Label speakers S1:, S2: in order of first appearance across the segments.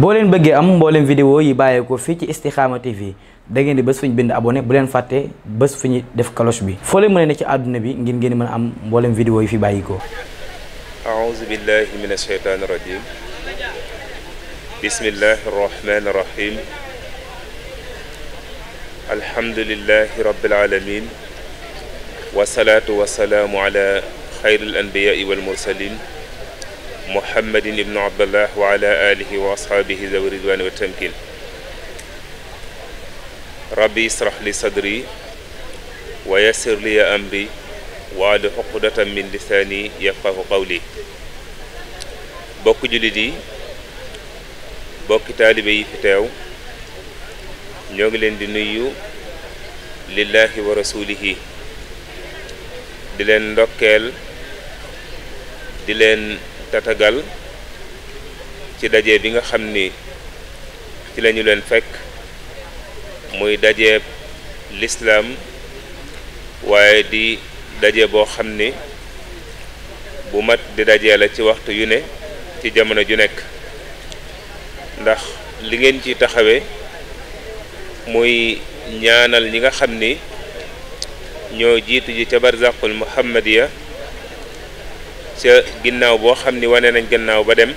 S1: boo leen bëggee am mbooleem vidéo yi bàyyeekoo fii ci Istikhama TV da ngeen di bés fu ñu bind abonné bu leen fàtte bés fu ñu def cloche bi foo leen mën a ne ci àdduna bi ngir ngeen mën a am mbooleem vidéo yi fi bàyyikoo
S2: aouzu billahi min asheytaani rajim bismillahi rahmaani rahim alhamdulilahi rabbil alamin wasalaatu wasalaamu ala xayril anbiyaai wal mursalin muhammadin ibnu abdallah wa ala alihi wa ashaabihi zawi ridwaani wa tamkin rabbi israh li sadri wa yassir li amri waadu xuqdatan min lisaani yafqahu qawli bokki jullit yi bokki taalibe yi fi teew ñoo ngi leen di nuyu lillahi wa rasulihi di leen ndokkeel di leen tatagal ci daje bi nga xam ni ci lañu leen fekk muy daje lislaam waaye di daje boo xam ni bu mat di dajee la ci waxtu yu ne ci jamono ju nekk ndax li ngeen ci taxawee muy ñaanal ñi nga xam ni ñoo jiitu ji ca barzaqul muhammadiya ca ginnaaw boo xam ni wane nañ gannaaw ba dem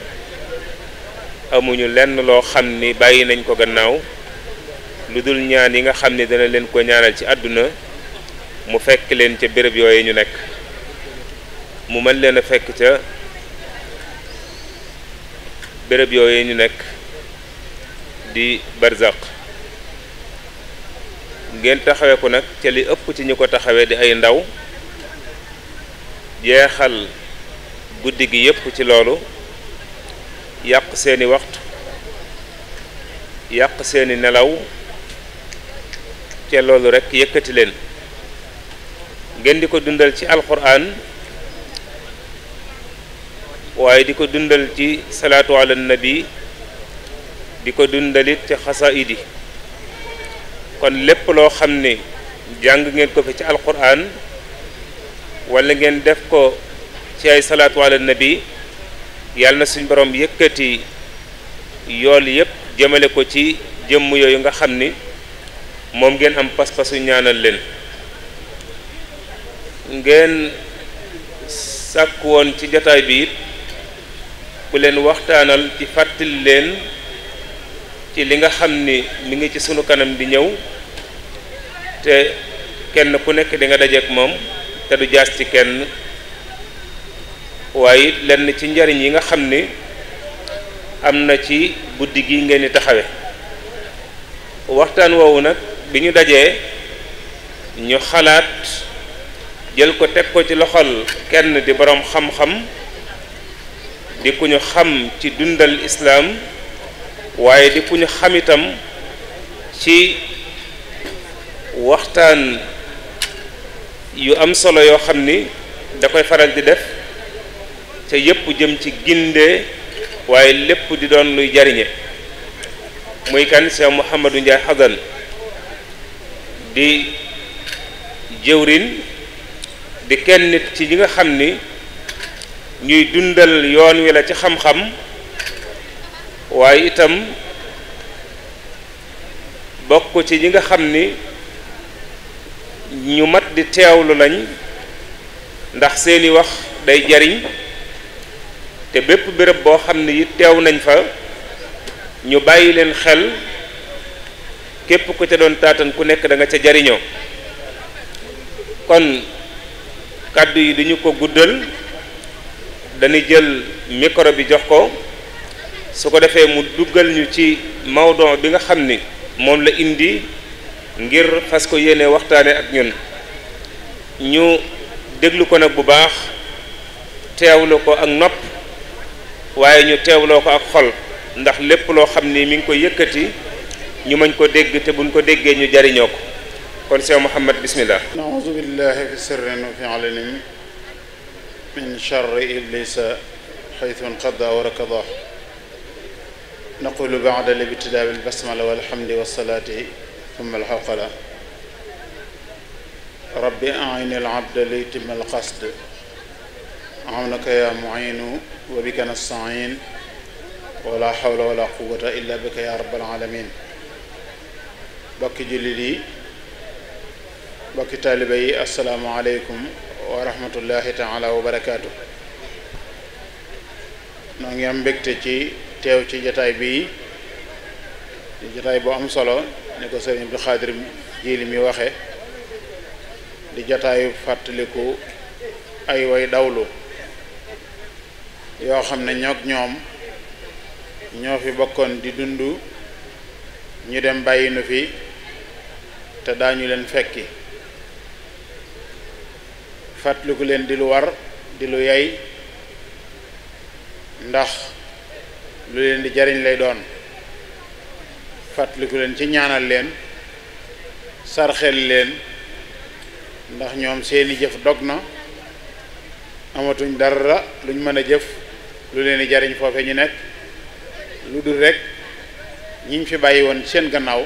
S2: amuñu lenn loo xam ni bàyyi nañ ko gannaaw lu dul ñaan yi nga xam ni dana leen ko ñaanal ci àdduna mu fekk leen ca béréb yooyu ñu nekk mu mën leen a fekk ca béréb yooyu ñu nekk di barzaq ngeen taxawee ku nag ca li ëpp ci ñu ko taxawee di ay ndaw jeexal guddi gi yépp ci loolu yàq seeni waxtu yàq seeni nelaw te loolu rekk yëkkati leen ngeen di ko dundal ci alxuraan waaye di ko dundal ci salaatu ala di ko dundalit ci kon lépp loo xam ni jàng ngeen ko fi ci alxuraan walla ngeen def ko ci ay salaatu na bi yàlla na suñ borom yëkkati yool yëpp jëmale ko ci jëmm yooyu nga xam ni moom ngeen am pas-pasu ñaanal leen ngeen sàkk woon ci jataay bi ku leen waxtaanal ci fàttali leen ci li nga xam ni mi ngi ci sunu kanam bi ñëw te kenn ku nekk dinga nga dajeek moom te du jaas ci kenn waaye it lenn ci njariñ yi nga xam ni am na ci guddi gi ngeen di taxawe waxtaan woowu nag bi ñu dajee ñu xalaat jël ko teg ko ci loxol kenn di boroom xam-xam di ku ñu xam ci dundal islaam waaye di ku ñu xam itam ci waxtaan yu am solo yoo xam ni da koy faral di def te yépp jëm ci gindee waaye lépp di doon luy jariñe muy kan Cheikh Mouhamadou Ndiaye di jëwrin di kenn nit ci ñi nga xam ni ñuy dundal yoon wi la ci xam-xam waaye itam bokk ci ñi nga xam ni ñu mat di teewlu lañ ndax seeni wax day jariñ te bépp bërëb boo xam ne it teew nañ fa ñu bàyyi leen xel képp ku ca doon taatan ku nekk da nga ca jariñoo kon kàddu yi duñu ko guddal dañuy jël micro bi jox ko su ko defee mu duggal ñu ci mawdon bi nga xam ni moom la indi ngir fas ko yéene waxtaane ak ñun ñu déglu ko nag bu baax la ko ak nopp waaye ñu teewloo ko ak xol ndax lépp loo xam ni mi ngi ko yëkkati ñu mañ ko dégg te buñ ko déggee ñu jariñoo ko kon Seex Muhammad bismillah
S1: auzu billahi fi sirrin wa fi alanin min sharri iblisa xaytu inqada wa rakada naqulu ba'da libtidaa bil basmala walhamdi wassalaati thumma alxawqala rabbi a'in al abda li yutimma al qasd awnaka ya muinu wa bika nastain wala xawla wala quwata illa bika ya rabbal alamin bokki jullit yi bokki taaliba yi asalaamu aleykum wa rahmatullahi taala wa barakaatu noo ngi am mbégte ci teew ci jataay bi di jataay bu am solo ni ko sëriñ Abdou jiili mi waxe di jataayu fàttaliku ay way dawlu yoo xam ne ñoog ñoom ñoo fi bokkoon di dund ñu dem bàyyi nu fi te daañu leen fekki fàttaliku leen di lu war di lu yey ndax lu leen di jariñ lay doon fàttaliku leen ci ñaanal leen sarxel leen ndax ñoom seeni jëf dog na amatuñ dara luñ mën a jëf lu leen di jariñ foofe ñu nekk lu dul rek ñiñ fi bàyyi woon seen gannaaw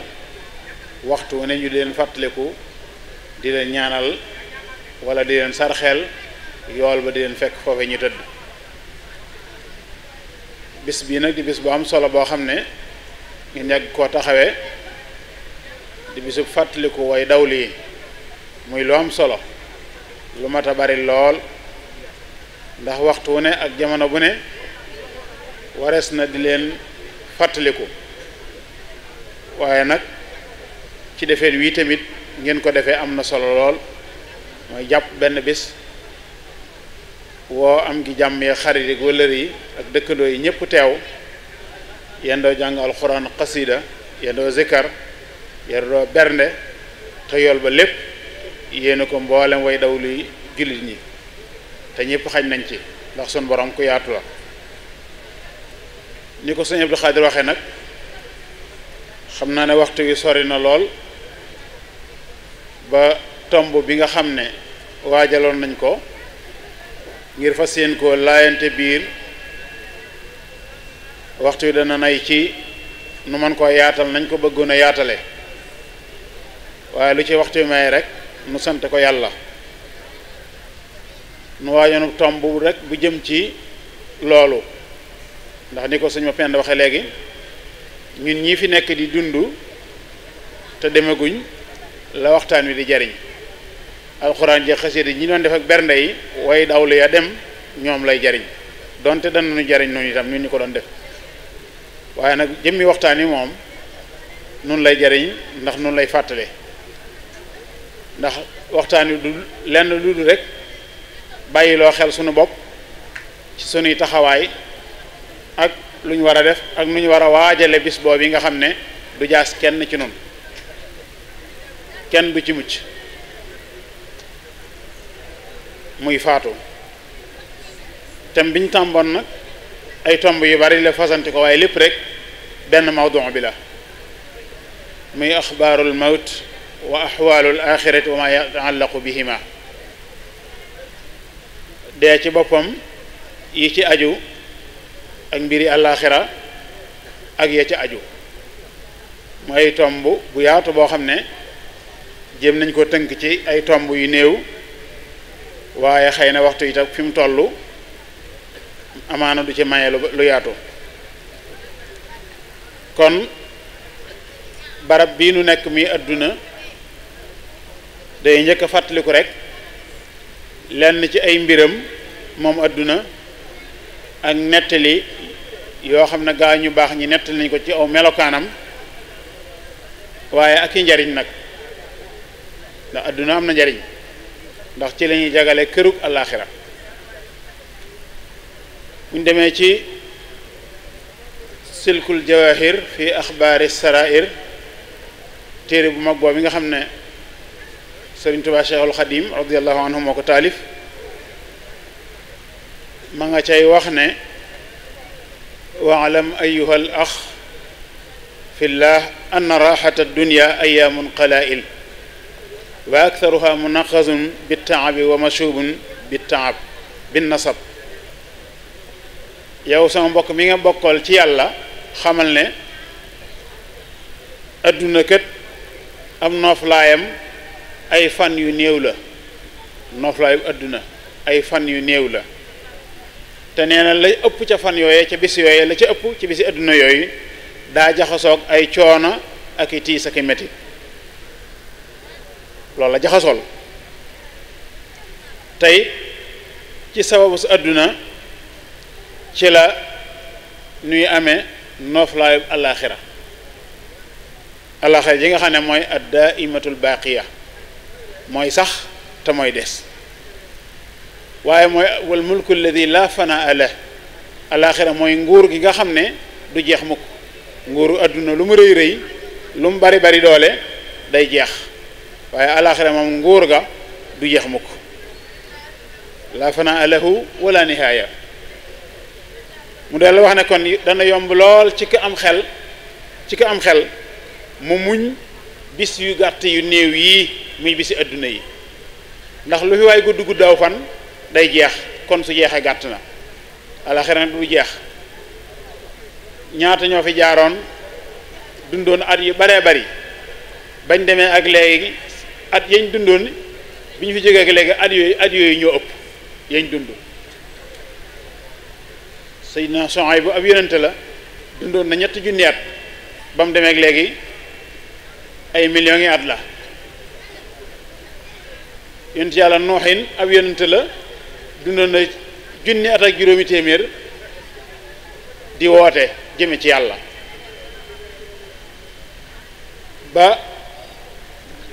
S1: waxtu wu ne ñu leen fàttaliku di leen ñaanal wala di leen sarxeel yool ba di leen fekk foofe ñu tëdd bis bii nag di bis bu am solo boo xam ne ñu ñàgg koo taxawee di bisu fàttaliku way dawli yi muy lu am solo lu mat a bari lool ndax waxtu wu ne ak jamono bu ne warees na di leen fàttaliku waaye nag ci defeet wii tamit ngeen ko defee am na solo lool mooy jàpp benn bés woo am gi jàmmee yi xarit yi wëllër yi ak dëkkandoo yi ñëpp teew yendoo jàng alxuraan xasida yendoo zikkar yendoo bernde te yool ba lépp yéen ko mboolem way daw luy jullit ñi te ñëpp xañ nañ ci ndax sun borom ku yaatu la ni ko sëñ Abdou Khadir waxee nag xam naa ne waxtu wi sori na lool ba tomb bi nga xam ne waajaloon nañ ko ngir fa yéen koo laayante biir waxtu wi dana nay ci nu man koo yaatal nañ ko bëggoon a yaatale waaye lu ci waxtu wi may rek nu sant ko yàlla nu waajoonu tomb rek bu jëm ci loolu ndax ni ko suñu ma pend waxe léegi ñun ñii fi nekk di dund te demaguñ la waxtaan wi di jariñ alxuraan ji xasida ñi doon def ak bernde yi way dawlu ya dem ñoom lay jariñ donte danañu jariñ noonu itam ñu ko doon def waaye nag jëmmi waxtaan yi moom nun lay jariñ ndax nun lay fàttale ndax waxtaan wi du lenn lu dul rek bàyyiloo xel suñu bopp ci sunuy taxawaay ak lu ñu war a def ak nu ñu war a waajale bis boobu yi nga xam ne du jaas kenn ci noonu kenn du ci mucc muy faatu thème biñ tàmboon nag ay tomb yu bari la fasante ko waaye lépp rek benn mawduu bi la muy axbaarul mawt wa axwaalul axirati wa ma yataallaqu bihima dee ci boppam yi ci aju ak mbiri àllaaxira ak ya ajo aju mooy tomb bu yaatu boo xam ne jéem nañ ko tënk ci ay tomb yu néew waaye xëy na waxtu itam fi mu tollu amaana du ci maye lu yaatu kon barab bii nu nekk mi àdduna day njëkk a fàttaliku rek lenn ci ay mbiram moom àdduna ak nettali yoo xam ne gaa ñu baax ñi nettali nañ ko ci aw melokaanam waaye ak i njariñ nag ndax adduna am na njariñ ndax ci lañuy jagale kërug àllaaxira buñ demee ci silkul jawahir fi axbaari sarair téere bu mag boo bi nga xam ne sëriñ Tuubaa Cheikhul Xadim radiallahu anhu moo ko taalif ma nga cay wax ne waalam ayuha al ax fi llah ann raxata dunia ayaamun qalaail wa aktaruha munaqasun bitaabi wa mashubun bitaab binnasab yow sama mbokk mi nga bokkool ci yàlla xamal ne adduna kët am nooflaayam ay fan yu néew la nooflaayu adduna ay fan yu néew la te nee na lay ëpp ca fan yooyee ca bis yooyee la ca ëpp ci bisi adduna yooyu daa jaxasoog ay coono ak i tiis ak i métti loolu la jaxasool tey ci sababu su adduna ci la nuy amee nooflaayub alaxira alaxira ji nga xam ne mooy ad daa imatul baaqiya mooy sax te mooy des waaye mooy wal mulku alladi la fanaa la alaxira mooy nguur gi nga xam ne du jeex mukk nguuru àdduna lu mu rëy rëy lu mu bari bari doole day jeex waaye alaxira moom nguur ga du jeex mukk la fanaa lahu wala nihaaya mu dellu wax ne kon dana yomb lool ci ka am xel ci ka am xel mu muñ bis yu gàtt yu néew yii muy bisi àdduna yi ndax lu fi waay gudd guddaaw fan day jeex kon su jeexee gàtt na alaxira nag du jeex ñaata ñoo fi jaaroon dundoon at yu baree bari bañ demee ak léegi at yañ dundoon bi ñu fi jógee ak léegi at yooyu at yooyu ñoo ëpp yañ dund Seydina Suhayb bu ab yonente la dundoon na ñett junni at ba mu demee ak léegi ay millions yi at la yonent yàlla nooxin ab yonente la dund na junni at ak juróomi téeméer di woote jëme ci yàlla ba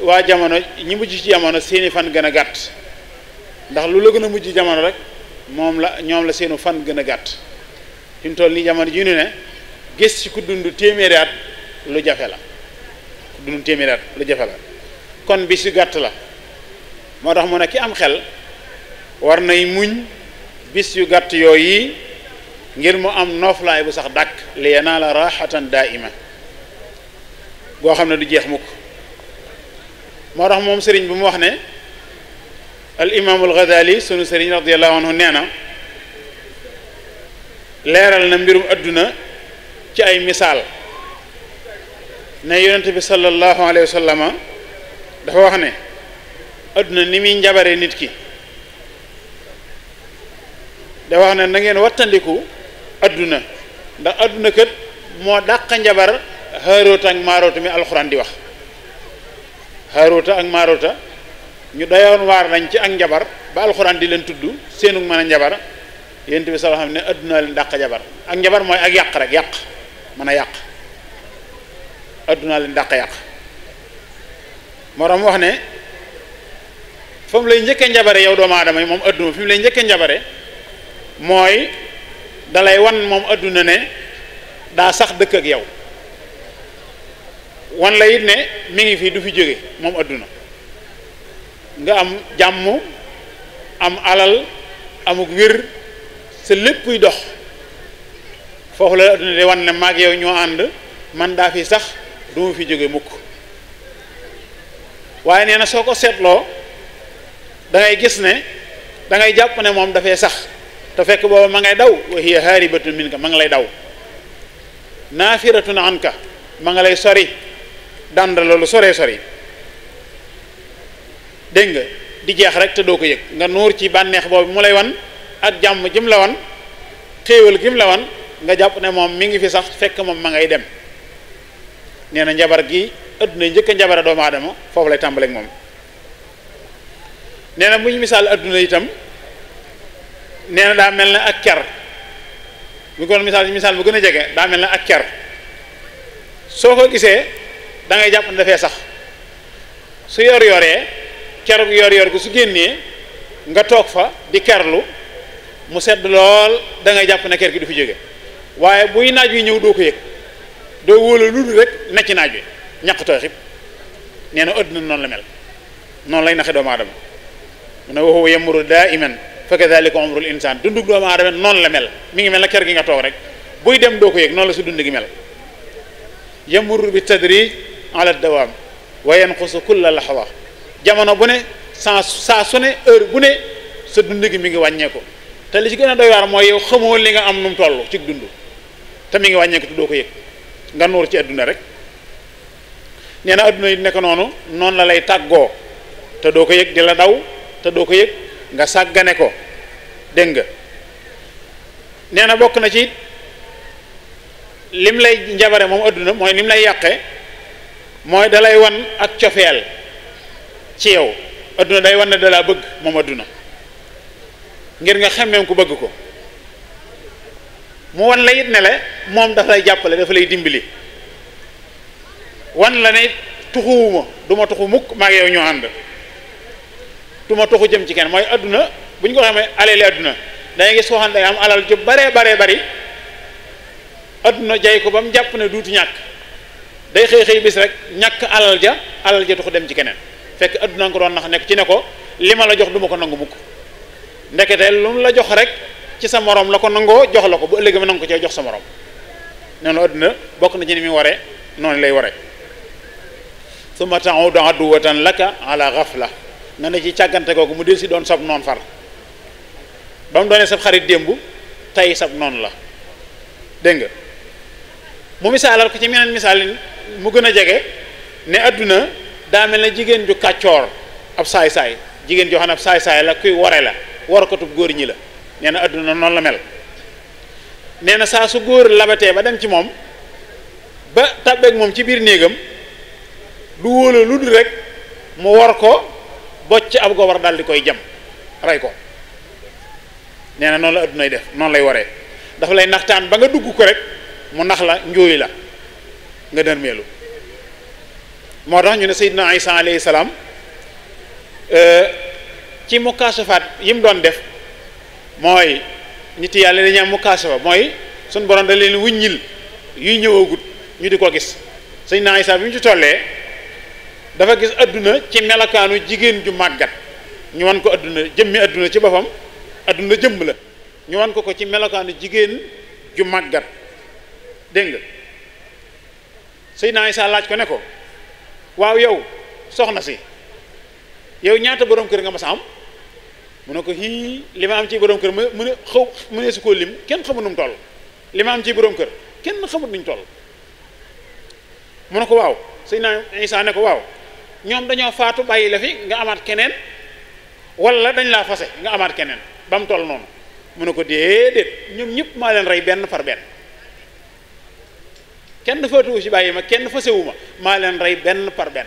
S1: waa jamono ñi mujj ci jamono seeni fan gën a gàtt ndax lu la gën a mujj jamono rek moom la ñoom la seenu fan gën a gàtt fi mu toll nii jamono ji ñu ne gis ci ku dund téeméeri at lu jafe la ku dund téeméeri jafe la kon bi si gàtt la moo tax mu ne ki am xel war nay muñ bis yu gàtt yooyu ngir mu am nooflaay bu sax dàkk li yanaala raxatan daaima goo xam ne du jeex mukk moo tax moom sëriñ bi mu wax ne al imaamul Ghazali sunu sëriñ radiallahu anhu nee na leeral na mbirum àdduna ci ay misaal ne yonent bi sallallahu alayhi wa dafa wax ne adduna ni muy njabare nit ki da wax ne na ngeen wattandiku adduna ndax adduna kët moo dàq njabar xaaroota ak maaroota mi alxuraan di wax xaaroota ak maaroota ñu dayoon waar nañ ci ak njabar ba alxuraan di leen tudd seenu mën a njabar yént bi sala xam ne adduna leen dàq jabar ak njabar mooy yàq rek yàq mën a yàq adduna leen dàq yàq moo tax wax ne fa mu lay njëkkee njabare yow doomu aadama yi moom adduna fi mu lay njëkkee njabare mooy dalay wan moom adduna ne daa sax dëkk ak yow wan la it ne mi ngi fii du fi jóge moom adduna nga am jàmm am alal amuk wér sa léppuy dox foofu la adduna di wan ne maag yow ñoo ànd man daa fi sax du ma fi jóge mukk waaye nee na soo ko seetloo da gis ne da ngay jàpp ne moom dafay sax te fekk booba ma ngay daw wa hiya haaribatun minka ma nga lay daw naafiratun anka ma nga lay sori dànd loolu soree sori dégg nga di jeex rek te doo ko yëg nga nuur ci bànneex boobu mu lay wan ak jàmm jim la wan xéewal gim la wan nga jàpp ne moom mi ngi fi sax fekk moom ma ngay dem nee na njabar gi adduna njëkk a njabara doomu aadama foofu lay tàmbaleeg moom nee na bu ñu misaal adduna itam nee na daa mel na ak ker bu ko misaal misaal bu gën a jege daa mel na ak ker soo ko gisee dangay jàpp ne dafee sax su yor yoree ker yor yor gu su génnee nga toog fa di kerlu mu sedd lool dangay jàpp ne ker gi du fi jóge waaye buy naaj wi ñëw doo ko yëg doo wóola lu rek necc naaj wi ñaq tooy xib nee na àddina la mel noonu lay naxe doomu aadama mu ne waxu yamuru daa iman fa kadalika umrul insaan dundug doomu aadama noonu la mel mi ngi mel na kër gi nga toog rek buy dem doo ko yëg noonu la su dund gi mel yamurru bi tadrij ala dawaam wa yanqusu kulla laxwa jamono bu ne saa su ne heure bu ne sa dund mi ngi wàññeeku te li ci gën a doy waar mooy yow xamoo li nga am nu mu toll ci dund te mi ngi wàññeeku te doo ko yëg nga nuur ci adduna rek nee adduna yi nekk noonu noonu la lay tàggoo te doo ko yëg di la daw te doo ko yëg nga sàggane ko dégg nga nee na bokk na ci lim lay njabare moom adduna mooy lim lay yàqe mooy dalay wan ak cofeel ci yow adduna day wan ne dalaa bëgg moom adduna ngir nga xemmeem ku bëgg ko mu wan la it ne la moom dafay jàppale dafa lay dimbali wan la ne tuxuwuma du tuxu mukk maa ngi yow ñoo ànd tuma toxu jëm ci kenn mooy adduna bu ñu ko xamee alali adduna da ngay gis koo xam ne day am alal ju baree baree bari adduna jay ko ba mu jàpp ne duuti ñàkk day xëy xëy bis rek ñàkk alal ja alal ja toxu dem ci keneen fekk adduna nga ko doon nax nekk ci ne ko li ma la jox du ma ko nangu mukk ndekete lu mu la jox rek ci sa morom la ko nangoo jox la ko bu ëllëgee ma nangu ko cee jox sa morom noonu adduna bokk na ci ni muy ware noonu lay waree summa ta'udu aduwatan laka ala ghafla nga ne ci càggante googu mu del si doon sab noon far ba mu doonee sab xarit démb tey sab noon la dégg nga mu misaalal ko ci meneen misaal mu gën a jege ne àdduna daa mel jigéen ju kàccoor ab saay-saay jigéen joo xam ab saay-saay la kuy ware la war góor ñi la nee na adduna noonu la mel nee na saa su góor labatee ba dem ci moom ba tàbbeeg moom ci biir néegam lu wóolu lu dul rek mu war ko bocc ab gobar daal di koy jam rey ko nee na noonu la addunay def noonu lay waree dafa lay naxtaan ba nga dugg ko rek mu nax la njuuy la nga dërmeelu moo tax ñu ne Seydina Isa alayhi salaam euh, ci mukaashafaat yi mu doon def mooy nit yàlla dañuy am mukaashafa mooy suñ borom da leen wuññil yuy ñëwagut ñu di ko gis Seydina Isa bi mu ci tollee dafa gis àdduna ci melakaanu jigéen ju màggat ñu wan ko àdduna jëmmi adduna ci boppam àdduna jëmm la ñu wan ko ko ci melokaanu jigéen ju màggat dégg nga Seydina Isa laaj ko ne ko waaw yow soxna si yow ñaata boroom kër nga ma a am mu ne ko hii li ma am ci borom kër mu ne xaw mu ne su koo lim kenn xamut nu mu toll li ma am ci boroom kër kenn xamut nuñ toll mu ne ko waaw Seydina Isa ne ko waaw ñoom dañoo faatu bàyyi la fi nga amaat keneen wala dañ laa fase nga amaat keneen ba mu toll noonu mu ne ko déedéet ñoom ñëpp maa leen rey benn par benn kenn faatuwu ci bàyyi ma kenn fasewu ma maa leen rey benn par benn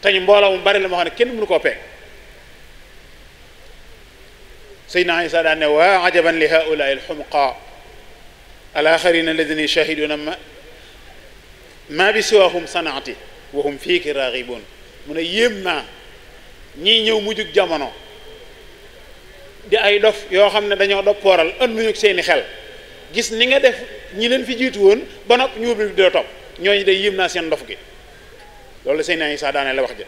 S1: teñu mbooloo mu bari la ma xam ne kenn mënu koo peeg Seydina Isa daan ne waa ajaban li haulaai alxumqa alaxarina alladina yushahiduuna ma ma bi siwahum sanaati waxum fiiki raaxiboon mu ne yéem naa ñii ñëw mujjug jamono di ay dof yoo xam ne dañoo doppooral ënduñu seeni xel gis ni nga def ñi leen fi jiitu woon ba nopp ñu bi doo topp ñooñu day yéem naa seen dof gi loolu sëñ naa saa daanee la wax ja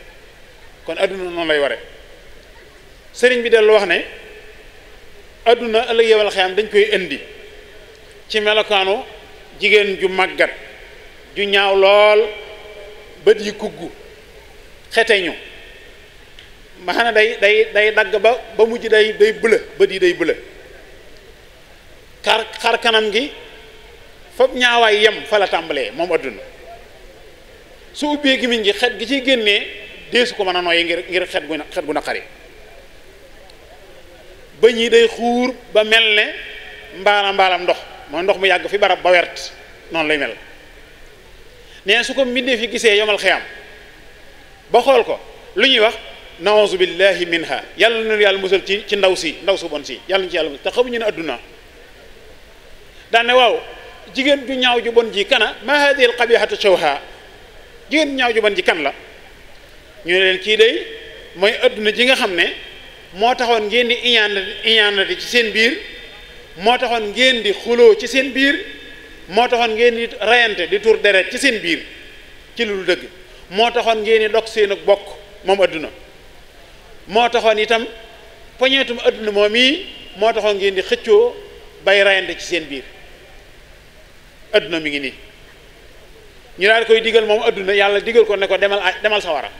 S1: kon adduna noonu lay ware sëriñ bi dellu wax ne adduna ëllëg yebal xeyam dañ koy indi ci melokaanu jigéen ju màggat ju ñaaw lool bët yi kugg xeteñu ma xam ne day day day dagg ba ba mujj day day bëla bët yi day bula xar xar kanam gi foofu ñaawaay yem fa la tàmbalee moom adduna su ubbee gi miñ gi xet gi ciy génnee deesu ko mën a nooyi ngir ngir xet gu xet gu naqari bëñ yi day xuur ba mel ne mbaala mbaalam ndox mooy ndox mu yàgg fi barab ba wert noonu lay mel nee su ko mbindee fi gisee yomal xiyaam ba xool ko lu ñuy wax naouzu billahi minha yàlla na yàlla musal ci ci ndaw si ndaw su bon si yàlla ñu ci yàlla musal te ne adduna daane waaw jigéen ju ñaaw ju bon ji kana ma hadihi al qabihatu ñaaw ju bon kan la ñu ne leen kii day mooy adduna ji nga xam ne moo taxoon ngeen di iñaanati iñaanati ci seen biir moo taxoon ngeen di xuloo ci seen biir moo taxoon ngeen di reyante di tuur deret ci seen biir ci lu dëgg moo taxoon ngeen di dog seen ak bokk moom adduna moo taxoon itam poñeetum adduna moom yi moo taxoon ngeen di xëccoo bay reyante ci seen biir adduna mi ngi nii ñu daal koy digal moom adduna yàlla digal ko ne ko demal demal sawara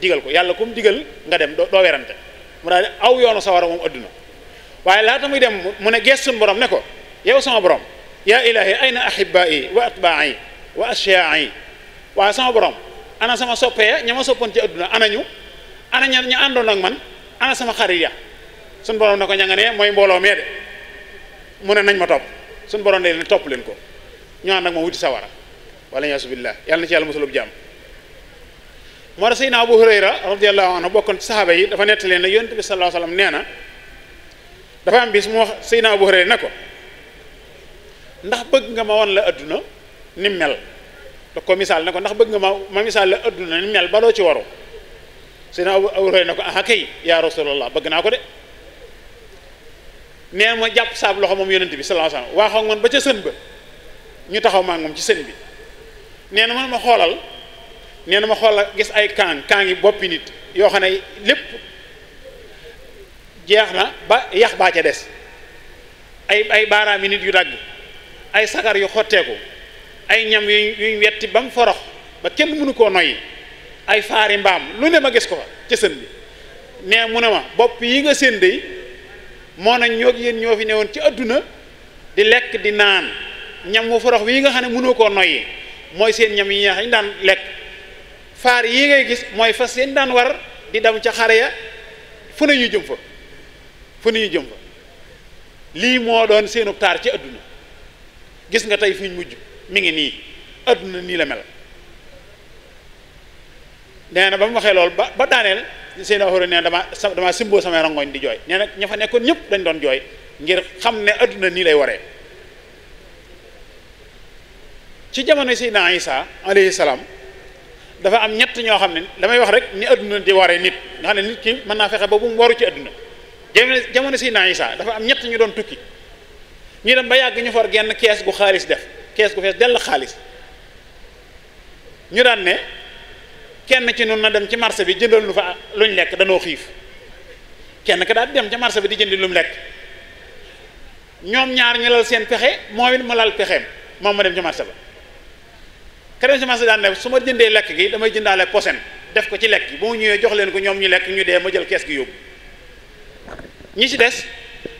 S1: digal ko yàlla kum digal nga dem doo werante mu daal aw yoonu sawara moom adduna waaye laata muy dem mu ne gees suñu borom ne ko yow sama boroom yaa ilaahi ayna ahibaa'i wa waa wa ashyaa'i waaye sama borom ana sama soppee ña ma soppoon ci adduna ana ñu ana ña ña àndoon ak man ana sama xarit ya suñ borom na ko ña mooy mbooloo mee de mu ne nañ ma topp suñ borom de leen topp leen ko ñu ànd ak ma wuti sawara wala yaasu billah yàlla na ci yàlla mosalub jàmm moo tax Seydina bokkoon ci saxaaba yi dafa nettali ne yonent bi sallallahu alayhi nee na dafa am bis mu wax Seydina Abu Hurayra ne ko ndax bëgg nga ma won la adduna ni mel da ko misaal na ko ndax bëgg nga ma ma misaal la adduna ni mel baloo ci waru sina awroy ne ko ah kay yaa rasulallah bëgg naa ko de nee ma jàpp saab loxo moom yonent bi sallallahu alayhi wasallam waaxoon ba ca sën ba ñu taxaw maa moom ci sën bi nee na man ma xoolal nee na ma xoolal gis ay kaang kaang yi boppi nit yoo xam ne lépp jeex na ba yax baa ca des ay ay baaraami nit yu dagg ay sagar yu xotteeku ay ñam yu yuñ wetti ba mu forox ba kenn mënu koo noyyi ay faari mbaam lu ne ma gis ko fa ci bi mais mu ne ma bopp yi nga seen day moo na ñoo yéen ñoo fi newoon ci adduna di lekk di naan ñam wu forox wi nga xam ne mënoo koo noyyi mooy seen ñam yi ñu daan lekk faar yi ngay gis mooy fas yéen daan war di dem ca xare ya fu ne ñu jëm fa fu ne ñu fa lii moo doon seenu taar ci adduna gis nga tey fi ñu mujj mi ngi nii adduna nii la mel nee na ba mu waxee loolu ba ba daaneel seen waxure nee na dama dama simboo samay rangoñ di jooy nee na ña fa nekkoon ñëpp dañ doon jooy ngir xam ne adduna nii lay waree ci jamono Seydina Isa alayhi salaam dafa am ñett ñoo xam ne damay wax rek ni adduna di waree nit nga xam ne nit ki mën naa fexe ba bu mu waru ci adduna jamono Seydina Isa dafa am ñett ñu doon tukki ñu dem ba yàgg ñu for genn kees gu xaalis def kees gu fees dell xaalis ñu daan ne kenn ci nun na dem ci marché bi jëndal lu fa luñ lekk danoo xiif kenn ka daal dem ca marché bi di jëndi lu mu lekk ñoom ñaar ñu lal seen pexe moom it mu lal pexeem moom ma dem ca marché ba ka dem ci marché daan ne su ma jëndee lekk gi damay jëndaale posen def ko ci lekk gi mu ñëwee jox leen ko ñoom ñu lekk ñu dee ma jël kees gi yóbbu ñi ci des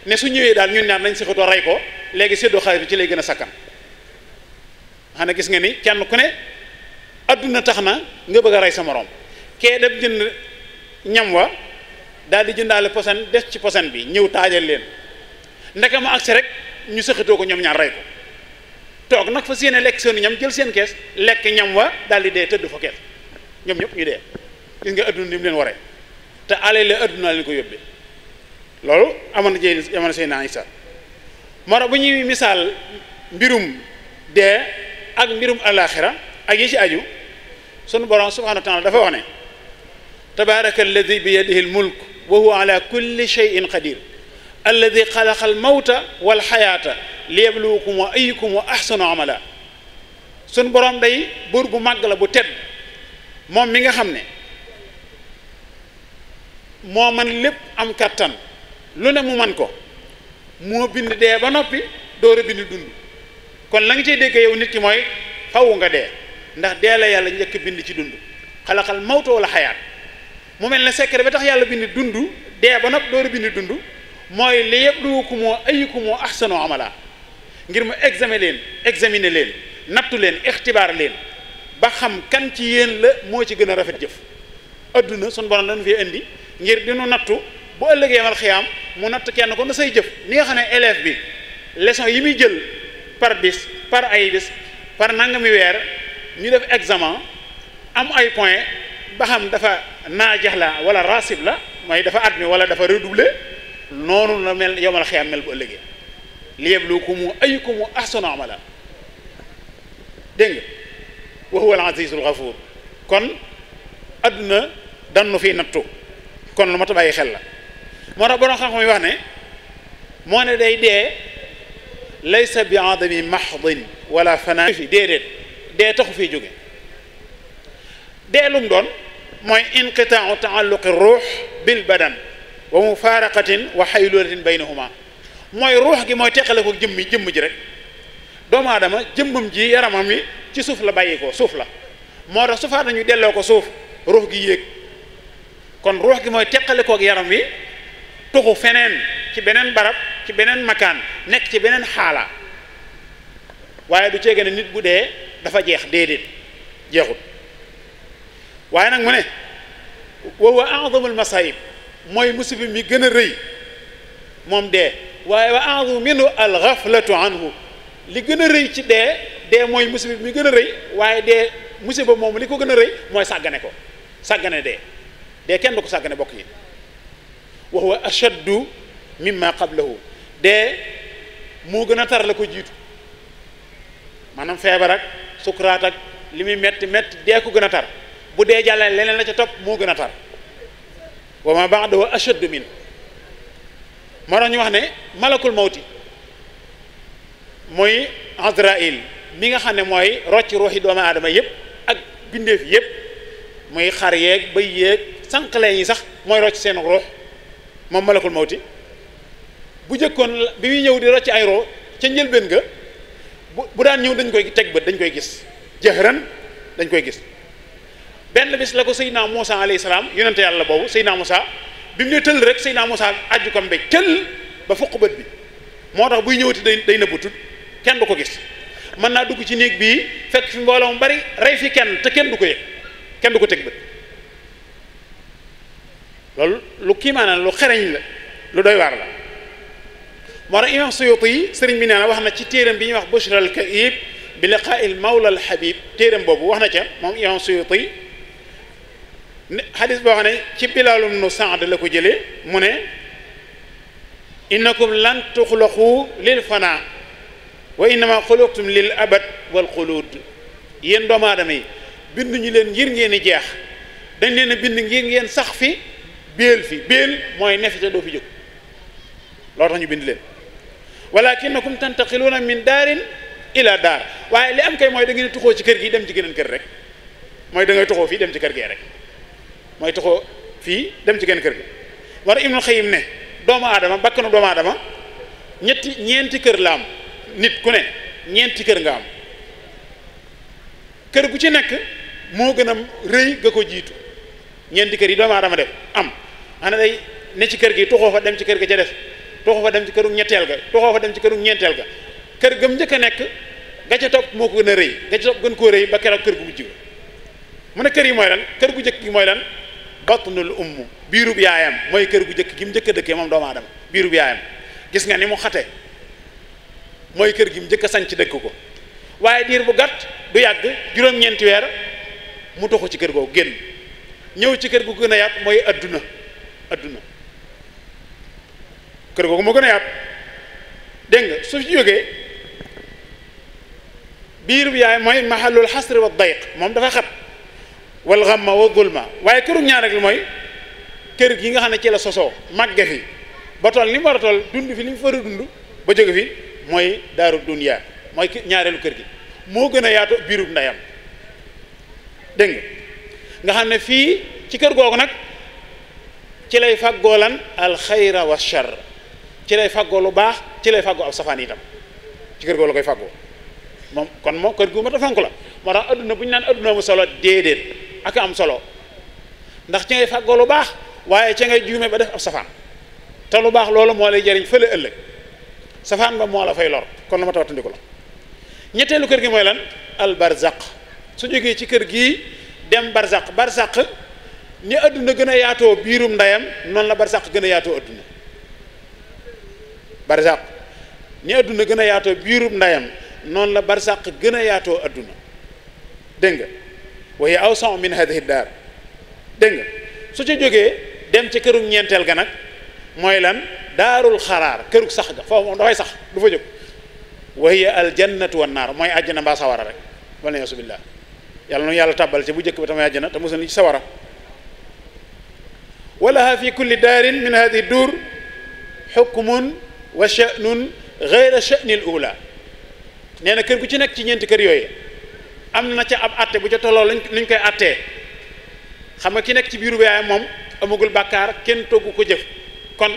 S1: ne su ñëwee daal ñun ñaar nañ sexatoo rey ko léegi séddoo xaalis bi ci lay gën a sakkan xanaa gis nga ni kenn ku ne adduna tax na nga bëgg a rey sa moroom kee dem jënd ñam wa daal di jëndaale posen des ci posen bi ñëw taajal leen ndeke ma agsi rek ñu sëxatoo ko ñoom ñaar rey ko toog nag fa seen lekk seen ñam jël seen kees lekk ñam wa daal di dee tëdd fa ñoom ñëpp ñu dee gis nga adduna ni mu leen waree te ale la adduna leen ko yóbbee loolu amoon na jëy amoon na Seydina moo tax bu ñuy misaal mbirum dee ak mbirum alaaxira ak yi ci aju sunu borom subhaanahu wa taala dafa wax ne tabaaraka alladi bi yadihi almulk wa huwa ala kulli cheyin qadir alladi xalaqa almawta walxayaata liyabluwakum wa ayukum wa ahsanu amala sunu borom day buur bu màgg la bu tedd moom mi nga xam ne moo man lépp am kattan lu ne mu man ko moo bind dee ba noppi door a bind dund kon la nga cey dégg yow nit ki mooy fawu nga dee ndax dee la yàlla njëkk bind ci dund xalaxal mawtoo la xayaat mu mel ne secret ba tax yàlla bind dund dee ba noppi door a bind dund mooy li yëpp lu ko moo ayiku moo ahsanu amala ngir ma examiner leen examiner leen nattu leen ixtibaar leen ba xam kan ci yéen la moo ci gën a rafet jëf adduna sun borom dañ fi indi ngir dinu nattu bu ëllëgee wal xiyaam mu natt kenn ko na say jëf ni nga xam ne élève bi leçon yi muy jël par bis par ay bis par nangami weer ñu def examen am ay point ba xam dafa naajaxla la wala rasib la mooy dafa admis wala dafa redoublé noonu la mel yowmal xiyaam mel bu ëllëgee liyabluukum ayyukum ahsanu amala dégg nga wa huwa al-azizul ghafuur kon adduna dannu fii nattu kon lu ma ta bàyyi xel la moo tax borom xam-xam yi wax ne moo ne day dee laysa bi adami mahdin wala fanaa fi déedéet dee taxu fii jóge dee lu doon mooy inqitaau taalluqi ruux bil badan wa mufaaraqatin wa xaylulatin baynahuma mooy ruux gi mooy teqale ko jëmmi jëmm ji rek doomu aadama jëmbam ji yaramam yi ci suuf la bàyyi ko suuf la moo tax sufaat nañu delloo ko suuf ruux gi yéeg kon ruux gi mooy teqale yaram wi tuxu feneen ci beneen barab ci beneen makaan nekk ci beneen xaala waaye du ceege ne nit bu dee dafa jeex déedéet jeexut waaye nag mu ne wa huwa a'zamul mooy musiba mi gën a rëy moom dee waaye wa a'zamu minhu al ghaflatu anhu li gën a rëy ci dee dee mooy musiba mi gën a rëy waaye dee musiba moom li ko gën a rëy mooy sàggane ko sàggane dee dee kenn du ko sàggane bokk yi wa huwa ashaddu mimma qablahu dee moo gën a tar la ko jiitu maanaam feebar ak sukuraat ak li muy metti metti dee ko gën a tar bu dee jàllale leneen la ca topp moo gën a tar wa ma ba'dahu ashaddu min moo tax ñu wax ne malakul mawti mooy Azrail mi nga xam ne mooy rocc ruuxi doomu aadama yëpp ak bindeef yëpp muy xar yeeg bëy yeeg sànqale yi sax mooy rocc seen ruux moom malakul mawti bu jëkkoon bi muy ñëw di rocc ay ca njëlbéen nga bu bu daan ñëw dañ koy teg bët dañ koy gis jëxëran dañ koy gis benn bis la ko Seydina Moussa alayhi salaam yonente yàlla boobu Seydina Moussa bi mu ne tëll rek Seydina Moussa aju ko mbéy tëll ba fukk bët bi moo tax buy ñëwati day day nëbbu tut kenn du ko gis mën naa dugg ci néeg bii fekk fi mbooloo mu bari rey fi kenn te kenn du ko yëg kenn du ko teg bët. loolu lu kiimaanaan lu xereñ la lu doy waar la moo tax imam Suyuti yi sëriñ bi nee wax na ci téeram bi ñuy wax Bushra al bi liqaa il mawla al téeram boobu wax na ca moom imam Suyuti yi ne xadis boo xam ne ci bilaalum nu Saad la ko jëlee mu ne innakum lan tuxlaqu lil fana wa innama xuliqtum lil abad wal xuluud yéen doomu aadama yi bind ñu leen ngir ngeen i jeex dañ leen bind ngir ngeen sax fi béel fi béel mooy nefi te doo fi jóg loo tax ñu bind leen walakinakum tantaqiluuna min daarin ila daar waaye li am kay mooy da ngeen tuxoo ci kër gi dem ci geneen kër rek mooy da ngay tuxoo fii dem ci kër gee rek mooy tuxoo fii dem ci geneen kër gi war Ibnu Xayyim ne doomu aadama bakkanu doomu aadama ñetti ñeenti kër la am nit ku ne ñeenti kër nga am kër gu ci nekk moo gën a rëy ga ko jiitu ñeenti kër yi doomu aadama def am xanaa day ne ci kër gi tuxoo fa dem ci kër ga ca def tuxoo fa dem ci këru ñetteel ga tuxoo fa dem ci këru ñeenteel ga kër gam njëkk a nekk ga ca topp moo ko gën a rëy ga ca topp gën koo rëy ba keroog kër gu mujj ba mu ne kër yi mooy lan kër gu njëkk gi mooy lan batnul umm biirub yaayam mooy kër gu njëkk gi mu njëkk a dëkkee moom doomu aadama biirub yaayam gis nga ni mu xate mooy kër gi mu njëkk a sañ ci dëkk ko waaye diir bu gàtt du yàgg juróom-ñeenti weer mu toxu ci kër googu génn ñëw ci kër gu gën a yaat mooy adduna adduna kër googu moo gën a yaat dégg nga su fi jógee biir bi yaay mooy mahalul xasri wa dayq moom dafa xat wal xamma wa dulma waaye këru ñaar li mooy kër gi nga xam ne ci la sosoo màgge fi ba toll li mu war a toll dund fi ni mu fara dund ba jóge fi mooy daaru duniya mooy ñaareelu kër gi moo gën a yaatu biirub ndeyam dégg nga nga xam ne fii ci kër googu nag ci lay fàggoo lan alxayra wa shar ci lay fàggoo lu baax ci lay fàggoo ab safaan itam ci kër googu la koy fàggoo moom kon moom kër gu ma ta fonk la moo tax bu ñu naan adduna mu solo déedéet ak am solo ndax ci ngay lu baax waaye ci ngay juume ba def ab safaan te lu baax loolu moo lay jariñ fële ëllëg safaan ba moo la fay lor kon lu ma tawatandiko la ñetteelu kër gi mooy lan albarzaq su jógee ci kër gi dem barsàq barsàq ni adduna gën a yaatoo biirum ndeyam noonu la barsàq gën a yaatoo adduna barsàq ni adduna gën a yaatoo biirum ndeyam noonu la barsàq gën a yaatoo adduna dégg nga waaye aw son min hadihi daar dégg su ca jógee dem ca kërug ñeenteel ga nag mooy lan daarul xaraar kërug sax ga foofu moom dafay sax du fa jóg waaye aljannatu wannaar mooy àjjana mbaa sawara rek wala yasubillah yàlla nu yàlla tàbbal ci bu njëkk ba tamay àjjana te musal ni ci sawara walaha fi kulli daarin min hadi duur xukmun wa shanun geyra shani l ula nee na kër gu ci nekk ci ñeenti kër yooyu am na ci ab atte bu ca tolloo lañ luñ koy attee xam nga ki nekk ci biiru yaayam moom amagul bàkkaar kenn toggu ko jëf kon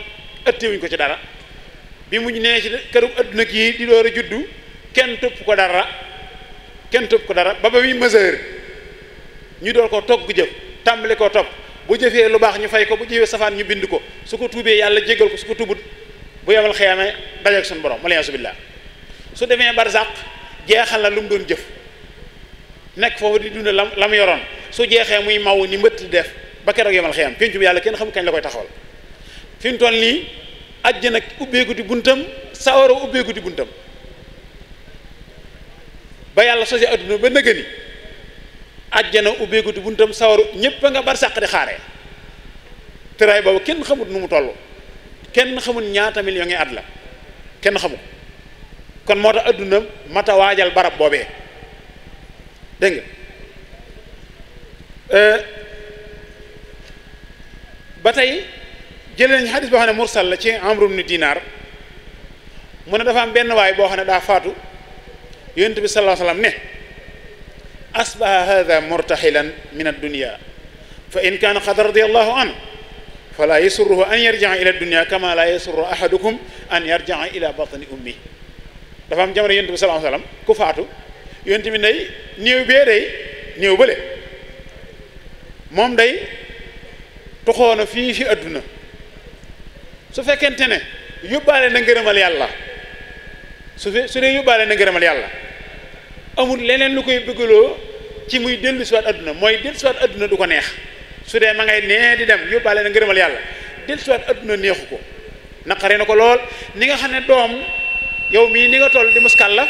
S1: ëttewuñ ko ci dara bi mu nee ci këru adduna gii di door a juddu kenn topp ko dara kenn tëb ko dara ba ba muy mesure ñu door ko togg jëf tàmbali ko topp bu jëfee lu baax ñu fay ko bu jëfee safaan ñu bind ko su ko tuubee yàlla jégal ko su ko tubut bu yemal xeyaame dajeek suñu borom wala billah su demee barsàq jeexal na lu mu doon jëf nekk foofu di dund lam la mu yoroon su jeexee muy maw ni mbëtt di def ba keroog yemal xeyam péncu bi yàlla kenn xamul kañ la koy taxawal fi mu toll nii àjjana ubbeeku di buntam sawara ubbeeku di buntam ba yàlla sosee adduna ba nëgë ni ajjana ubbeeguti buntam sawaru ñépp nga bar sàq di xaaree tëraay boobu kenn xamut nu mu toll kenn xamut ñaata million ngi at la kenn xamut kon moo tax adduna mata waajal barab boobee dégg nga euh, ba tey jëlee nañ xadis boo xam ne mursal la ci amru ibn dinaar mu a dafa am benn waay boo xam ne daa faatu yonent bi sallallahu alayhi wa sallam ne asbaha hada murtaxilan min addunia fa in kaana qad radiyallahu anhu fala yasuruhu an yarjaa ila dunia kama la yasuru ahadukum an yarjaa ila batni ummi dafa am jamono yonent bi sallallahu alayhi wa sallam ku faatu yonent bi day néew bee day néew bële moom day toxoona fii fi adduna su fekkente ne yóbbaale na ngërëmal yàlla su fe su dee yóbbaale na ngërëmal yàlla amul leneen lu koy bëggaloo ci muy dellu siwaat adduna mooy dellu siwaat adduna du ko neex su dee ma ngay nee di dem yóbbaale na ngërëmal yàlla dellu siwaat adduna neexu ko naqare na ko lool ni nga xam ne doom yow mii ni nga toll di muskal la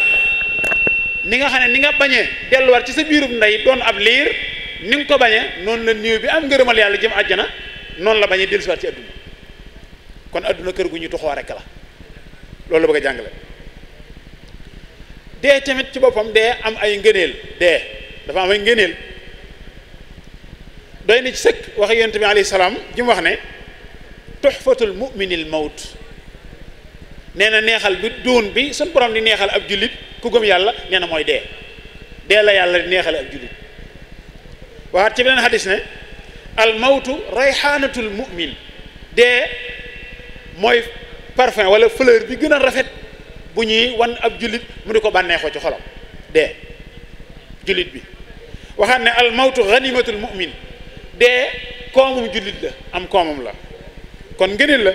S1: ni nga xam ne ni nga bañee delluwaat ci sa biirub ndey doon ab liir ni nga ko bañee noonu la néew bi am ngërëmal yàlla jëm àjjana noonu la bañee dellusiwaat ci adduna kon adduna kër gu ñu toxoo rekk la loolu la bëgg dee tamit ci boppam dee am ay ngëneel dee dafa am ay ngëneel doy na ci sëkk wax yonent bi alayhi salaam ji wax ne tuxfatul muminil mawt nee na neexal bi duun bi suñ borom di neexal ab jullit ku gëm yàlla nee na mooy dee dee la yàlla di neexale ab jullit waxaat ci beneen xadis ne al mawtu rayxaanatul mumin dee mooy parfum wala fleur bi gën a rafet bu ñuy wan ab jullit mu di ko bànneexoo ci xolam dee jullit bi waxaat ne al mawtu ganimatul mu'min dee koomum jullit la am koomum la kon ngëneel la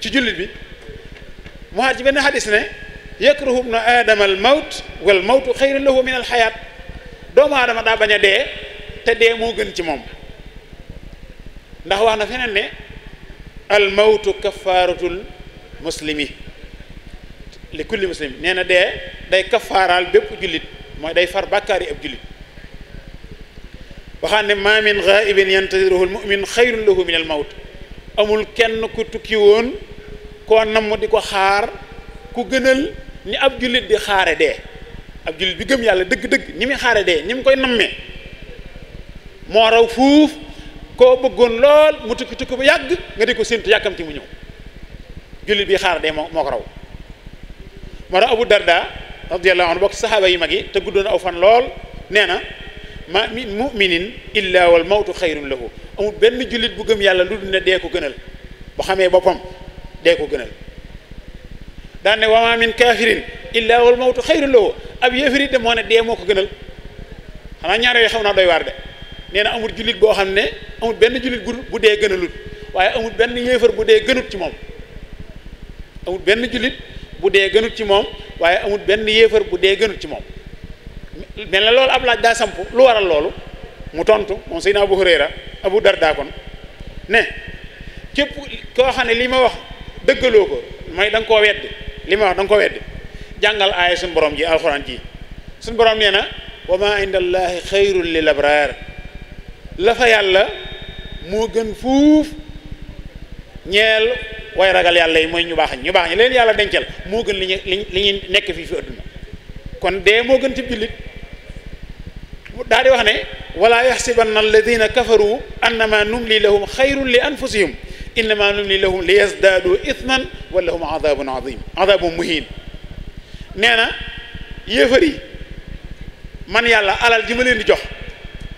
S1: ci jullit bi mu xaat ci benn xadis ne yakrahu ibnu aadama al mawt wal mawtu xayrun lahu min al xayaat doomu aadama daa bañ a dee te dee moo gën ci moom ndax wax na feneen ne al kafaaratul muslimi li kulli muslim nee na dee day kafaaraal bépp jullit mooy day far bàkkaar yi ab jullit waxaan ne maa min ghaibin yantadiruhu almumin xayrun lahu min amul kenn ku tukki woon koo namm di ko xaar ku gënal ni ab jullit di xaare de ab jullit bi gëm yàlla dëgg-dëgg ni muy xaare dee ni mu koy nammee moo raw fuuf koo bëggoon lool mu tukki tukki bu yàgg nga di ko séntu yàkkamti mu ñëw jullit bi xaar dee moo ko raw ma tax Abu Darda radiyallahu anhu bokk saxaaba yi mag yi te guddoon aw fan lool nee na ma min muminin illa wal mawtu xayrun lahu amul benn jullit bu gëm yàlla lu dul dee ko gënal bu xamee boppam dee ko gënal daan ne wama min kaafirin illa wal mawtu xayrun lahu ab yéefirit de moo ko gënal xanaa ñaar yooyu xam naa doy waar de nee na amul jullit boo xam ne amul benn jullit bu dee gënalut waaye amul benn yéefar bu dee gënut ci moom amul benn jullit bu dee gënut ci moom waaye amul benn yéefar bu dee gënut ci moom mel na loolu ab laaj daa samp lu waral loolu mu tontu moom Seydina Abu Hurayra Abu Darda ne képp koo xam ne lii ma wax dëggaloo ko may danga nga koo weddi li ma wax danga nga koo weddi jàngal aaya suñu borom ji alxuraan ji suñu borom nee na wa ma inda allahi xayrun lil la fa yàlla moo gën fuuf ñeel way ragal yàlla yi mooy ñu baax ñu baax ñi leen yàlla dencal moo gën li ñu li ñuy nekk fii fi adduna kon dee moo gën ci jullit daa wax ne wala yaxsibanna alladina kafaru annama numli lahum xayrun li anfusihim li yazdaadu ithman wa lahum adabun azim adabun muhin nee man yàlla alal ji ma leen di jox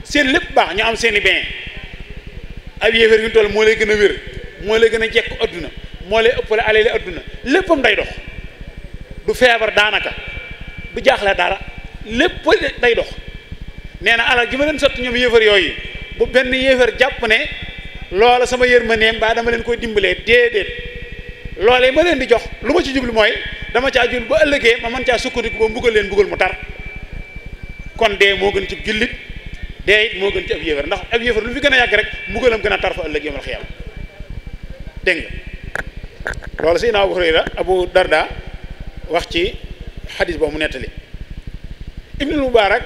S1: seen lépp baax ñu am seeni i bien ab yéefar fi mu moo lay gën a wér moo lay gën a jekk adduna moo lay ëppale alali adduna léppam day dox du feebar daanaka du jaaxle dara lépp day dox nee na alal ji ma leen sotti ñoom yéefar yooyu bu benn yéefar jàpp ne loola sama yërmandeem baa dama leen koy dimbalee déedéet loolee ma leen di jox lu ma ci jublu mooy dama caa jublu ba ëllëgee ma mën caa sukkandiku mu mbugal leen mbugal mu tar kon dee moo gën ci jullit dee it moo gën ci ab yéefar ndax ab yéefar lu fi gën a yàgg rek mbugalam gën a tar fa ëllëg yomal dégg nga si naa Abu Hurayra Abu Darda wax ci xadis boobu mu nettali Ibnul Mubaarak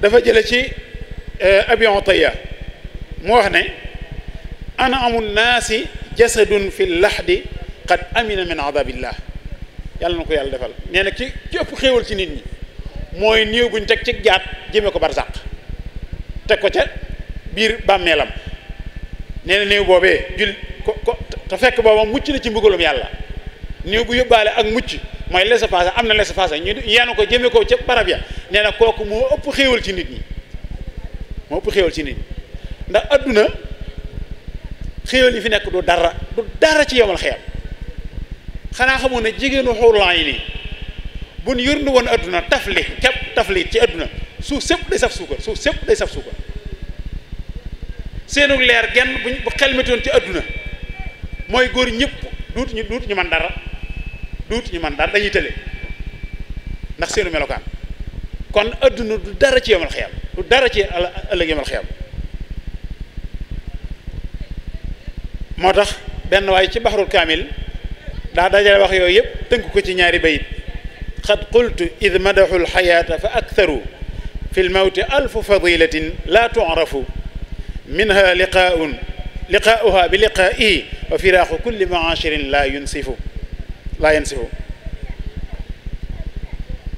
S1: dafa jële ci eh, Abi Utayya mu wax ne ana amul naasi jasadun fi laxdi qad amina min adabillah yàlla na ko yàlla defal nee na ci ci ëpp xéewal ci nit ñi mooy néew guñ teg ci jaat jëme ko barsàq teg ko ca biir bàmmeelam nee na néew boobee jul ko ko te fekk booba mucc na ci mbugalum yàlla néew bu yóbbaale ak mucc mooy laissez-passer am na laissez-passer ñu yeenu ko jëme ko ca barab ya nee na kooku moo ëpp xéewal ci nit ñi moo ëpp xéewal ci nit ñi ndax adduna xéewal yi fi nekk du dara du dara ci yomal xeyam xanaa xamoon ne jigéenu xoolaan yi nii bu ñu yërndu woon adduna tafli képp tafli ci adduna suuf sëpp day saf suukar suuf sëpp day saf suukar seenu leer genn bu xel mitoon ci àdduna mooy góor ñëpp duut ñu ñu man dara duut ñu man dara dañuy tële ndax seenu melokaan kon adduna du dara ci yomal xiyam du dara ci ëllëg yomal xiyam moo tax benn waay ci baxarul kaamil daa dajale wax yooyu yëpp tënk ko ci ñaari bayit xad qultu id madaxu lxayaata fa aktharu fi lmawti alfu fadilatin la tu'rafu minha liqaaun liqaauha bi liqaa'ihi wa firaaqu kulli mu'aashirin laa yunsifu laa yansifu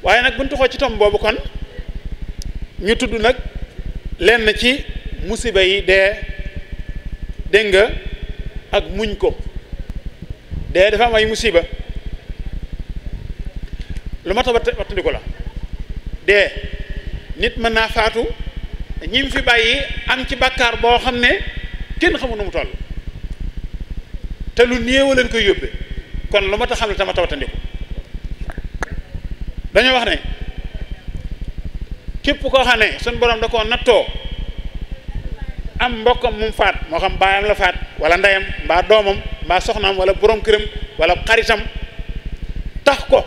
S1: waaye nag buntu xoo ci tom boobu kon ñu tudd nag lenn ci musiba yi dee dégg ak muñ ko dee dafa am musiba lu ma tabat wattandiku la dee nit mën naa faatu ñim fi bàyyi am ci bàkkaar boo xam ne kenn xamu nu mu toll te lu néew leen koy yóbbe kon lu ma ta xam ne tama tawatandiku dañoo wax ne képp koo xam ne suñ borom da koo nattoo am mbokkam mu faat moo xam baayam la faat wala ndeyam mbaa doomam mbaa soxnaam wala boroom këram wala xaritam tax ko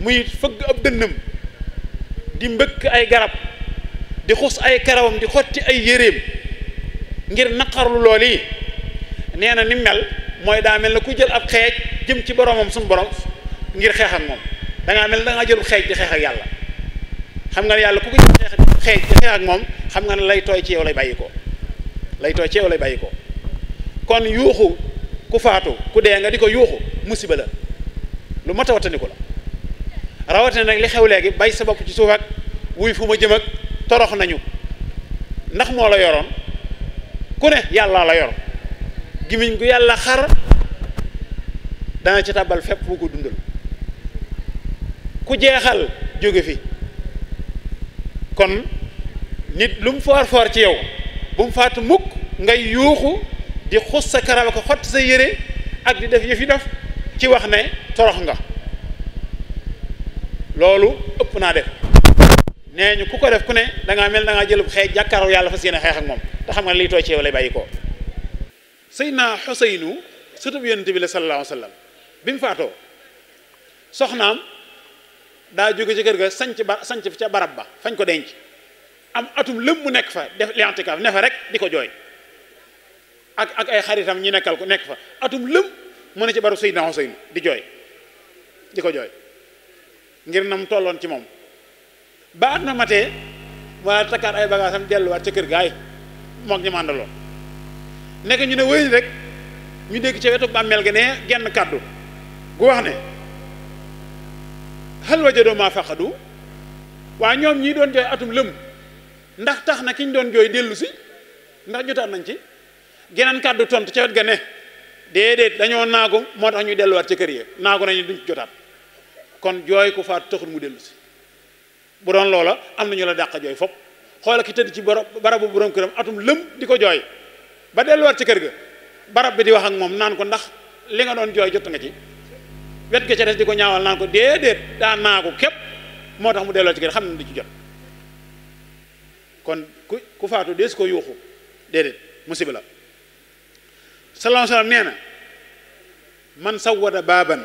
S1: muy fëgg ab dënnam di mbëkk ay garab di xus ay karawam di xotti ay yéreem ngir naqarlu lool yi nee na ni mel mooy daa mel na ku jël ab xeej jëm ci boromam suñu borom ngir xeex ak moom dangaa mel ne dangaa jël xeej di xeex ak yàlla xam nga ne yàlla ku ko jël xeex xeej di ak moom xam nga ne lay tooy ci yow lay bàyyi ko lay tooy ci yow lay bàyyi ko kon yuuxu ku faatu ku dee nga di ko yuuxu musiba la lu mat a wattandiku la rawatina nag li xew léegi bay sa ci suuf ak wuy fu ma jëm ak torox nañu ndax moo la yoroon ku ne yàlla la yor gimiñ gu yàlla xar dana ci tabal fepp bu ko dundal ku jeexal jóge fi kon nit lu foor foor ci yow bu mu faatu mukk ngay yuuxu di xus sa karaw ko xott sa yére ak di def yëf def ci wax ne torox nga loolu ëpp naa def nee ñu ku ko def ku ne danga ngaa mel da ngaa jëlub xeej jàkkaaru yàlla fa yéene xeex ak moom te xam nga liy tooy ci yow lay bàyyi ko Seydina Xuseynu sutub yonente bi la sallallahu alayhi bi mu faatoo soxnaam daa jóge ci kër ga sañc ba sanc ca barab ba fañ ko denc am atum lëm mu nekk fa def liantikaaf ne fa rek di ko jooy ak ak ay xaritam ñu nekkal ko nekk fa atum lëm mu ne ci baru Seydina Xuseynu di jooy di ko jooy ngir nam mu tolloon ci moom ba at na matee wala takkaat ay bagages am delluwaat ca kër gaay moo ñu màndaloon nekk ñu ne wëy rek ñu dégg ca wetu bàmmeel ga ne genn kàddu gu wax ne hal wajadoo maa faqadu waa ñoom ñii doon jooy atum lëm ndax tax na ki ñu doon jooy dellu si ndax jotaat nañ ci geneen kàddu tontu ca wet ga ne déedéet dañoo naagu moo tax ñuy delluwaat ca kër yi naagu nañu duñ jotaat kon jooy ku faat taxul mu dellu si bu doon loola am na ñu la dàq jooy foofu xoola ki tëdd ci barabu borom këram atum lëm di ko jooy ba delluwaat ci kër ga barab bi di wax ak moom naan ko ndax li nga doon jooy jot nga ci wet ga ca des di ko ñaawal naan ko déedéet daa naa ko képp moo tax mu delloo ci kër xam na di ci jot kon ku ku faatu dees ko yuuxu déedéet musiba la sallallahu alayhi wasallam na man sawwada baaban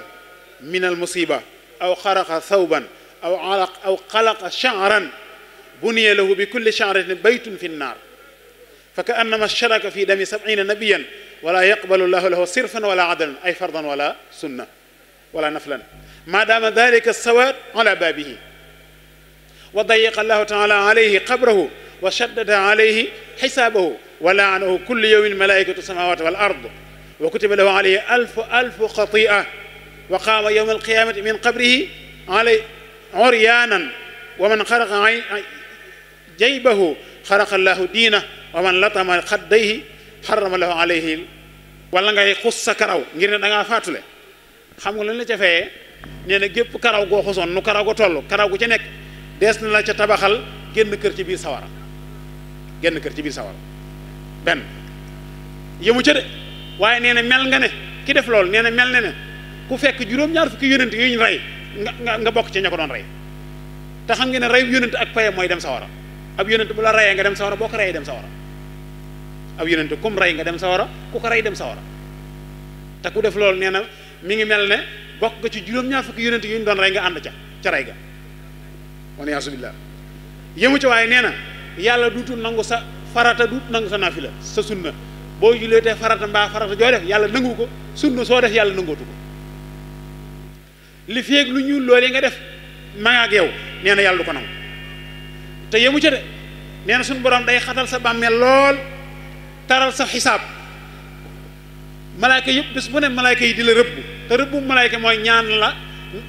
S1: minal al musiba aw xaraqa thawban aw alaq aw xalaqa chaaran buniya lahu bi kulli chaaratin baytun fi nnaar fa ka annama sharaka fi dami sabina nabiyan wala yaqbalu llahu lahu sirfan wala adalan ay fardan wala sunna wala naflan ma dama dalika sawaad ala baabihi wa dayiqa allahu taala alayhi qabrahu wa shaddada alayhi xisaabahu wa laanahu kulli yawmin malaikatu samawati wal ard wa kutiba lahu alayhi alfu alfu xatia wa qaama yowma alqiyamati min qabrihi alay uryaanan wa man xaraqa jaybahu xaraqa llaahu diina wa man latama xaddayhi xarama lahu alayhi wala ngay xus sa karaw ngir ne danga ngaa faatule xam nga lan la ca feyee nee na gépp karaw goo xusoon nu karaw ga toll karaw gu ca nekk des na la ca tabaxal génn kër ci biir sawara génn kër ci biir sawara benn yëmu ca de waaye nee na mel nga ne ki def loolu nee na mel na ne ku fekk juróom-ñaar fukki yonent yooyu ñu rey nga nga bokk ci ña ko doon rey te xam ngeen ne rey yonent ak paye mooy dem sawara ab yonent bu la reyee nga dem sawara boo ko reyee dem sawara ab yonent kum rey nga dem sawara ku ko rey dem sawara te ku def loolu nee na mi ngi mel ne bokk nga ci juróom-ñaar fukki yonent yu ñu doon rey nga ànd ca ca rey ga wan yaasu billaah yëmu ca waaye nee na yàlla duutul nangu sa farata duut nangu sa naafila sa sunna boo jullee te farata mbaa farata joo def yàlla nangu ko sunna soo def yàlla nangootu ko li feeg lu ñuul loolee nga def maa ak yow nee na yàlla du ko nangu te yemu ca de nee suñu borom day xatal sa bàmmeel lool taral sa xisaab malaayka yëpp bés bu ne malaayka yi di la rëbb te rëbbu malaayka mooy ñaan la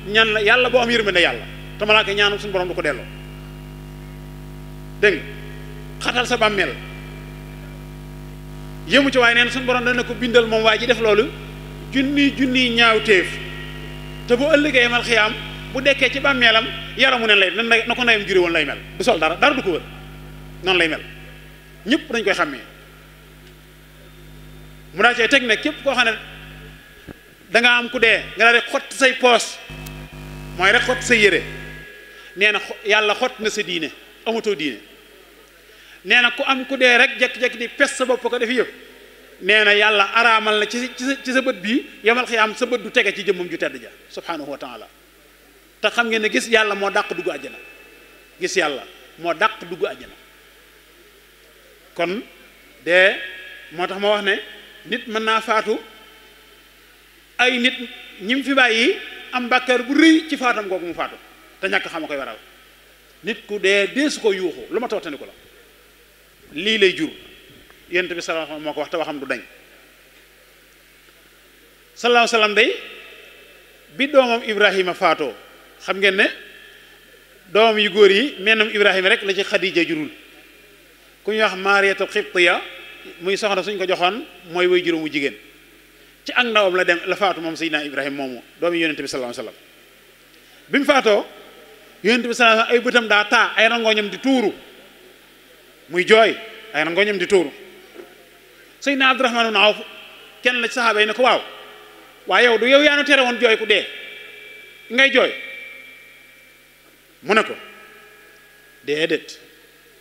S1: ñaan la yàlla boo am yërmande yàlla te malaayka ñaanam suñu borom du ko delloo dégg xatal sa bàmmeel yemu ca waaye nee na suñu borom dana ko bindal moom waa ji def loolu junni junni ñaaw téef te bu ëllëgee yamal am bu dekkee ci bàmmeelam yaramu nen lay na ko ndeyam jure woon lay mel du sol dara dara du ko wër noonu lay mel ñëpp dañ koy xàmmee mu daa teg ne képp koo xam ne danga am ku dee nga daal di xott say poos mooy rek xott say yére nee na yàlla xott na sa diine amatoo diine nee na ku am ku dee rek jekk-jekk di pes sa bopp ko def yëpp nee na yàlla araamal na ci ci sa bët bii yamal xiyaam sa bët du tege ci jëmmam ju tedd ja subhanahu wa taala te xam ngeen ne gis yàlla moo dàq dugg àjjana gis yàlla moo dàq dugg àjjana kon de moo tax ma wax ne nit mën naa faatu ay nit ñim fi bàyyi am bàkkaar bu rëy ci faatam kooku mu faatu te ñàkk xam a koy waral nit ku dee dee su ko yuuxu lu ma tawatani ko la lii lay jur yent bi sallallahu alayhi moo ko wax te waxam du dañ sallallahu alayhi wasallam day bi doomam Ibrahima faatoo xam ngeen ne doomam yu góor yi mennam Ibrahima rek la ci Xadija jurul ku ñuy wax Maariyatul Xibtiya muy soxna suñ ko joxoon mooy way juróomu jigéen ci ak ndawam la dem la faatu moom Seydina Ibrahima moomu doom yonent bi sallallahu faatoo yonent bi sallallahu alayhi wasallam ay bëtam daa taa ay rangoñam di tuuru muy jooy ay rangoñam di tuuru sëñ na Abdurahmaan ibn Awf kenn la ci saxaaba yi ne ko waaw waaye yow du yow yaa nu tere woon jooy ku dee ngay jooy mu ne ko déedéet